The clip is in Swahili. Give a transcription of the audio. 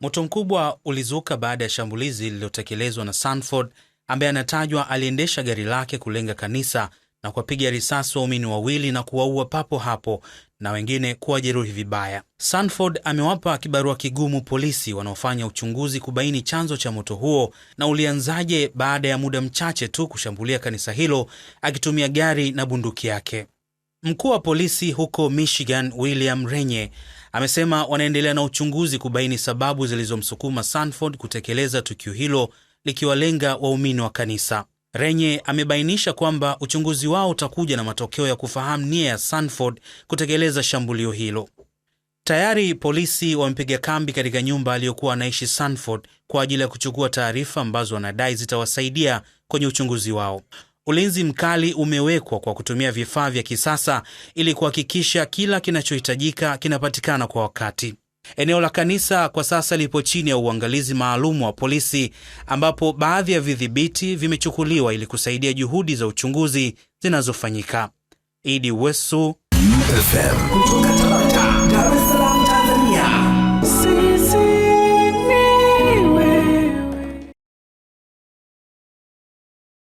Moto mkubwa ulizuka baada ya shambulizi lililotekelezwa na Sanford ambaye anatajwa aliendesha gari lake kulenga kanisa na kuwapiga risasi waumini wawili na kuwaua papo hapo na wengine kuwajeruhi vibaya. Sanford amewapa kibarua kigumu polisi wanaofanya uchunguzi kubaini chanzo cha moto huo na ulianzaje baada ya muda mchache tu kushambulia kanisa hilo akitumia gari na bunduki yake. Mkuu wa polisi huko Michigan, William Renye, amesema wanaendelea na uchunguzi kubaini sababu zilizomsukuma Sanford kutekeleza tukio hilo likiwalenga waumini wa kanisa. Renye amebainisha kwamba uchunguzi wao utakuja na matokeo ya kufahamu nia ya Sanford kutekeleza shambulio hilo. Tayari polisi wamepiga kambi katika nyumba aliyokuwa anaishi Sanford kwa ajili ya kuchukua taarifa ambazo wanadai zitawasaidia kwenye uchunguzi wao. Ulinzi mkali umewekwa kwa kutumia vifaa vya kisasa ili kuhakikisha kila kinachohitajika kinapatikana kwa wakati. Eneo la kanisa kwa sasa lipo chini ya uangalizi maalum wa polisi ambapo baadhi ya vidhibiti vimechukuliwa ili kusaidia juhudi za uchunguzi zinazofanyika. Idi Wesu FM.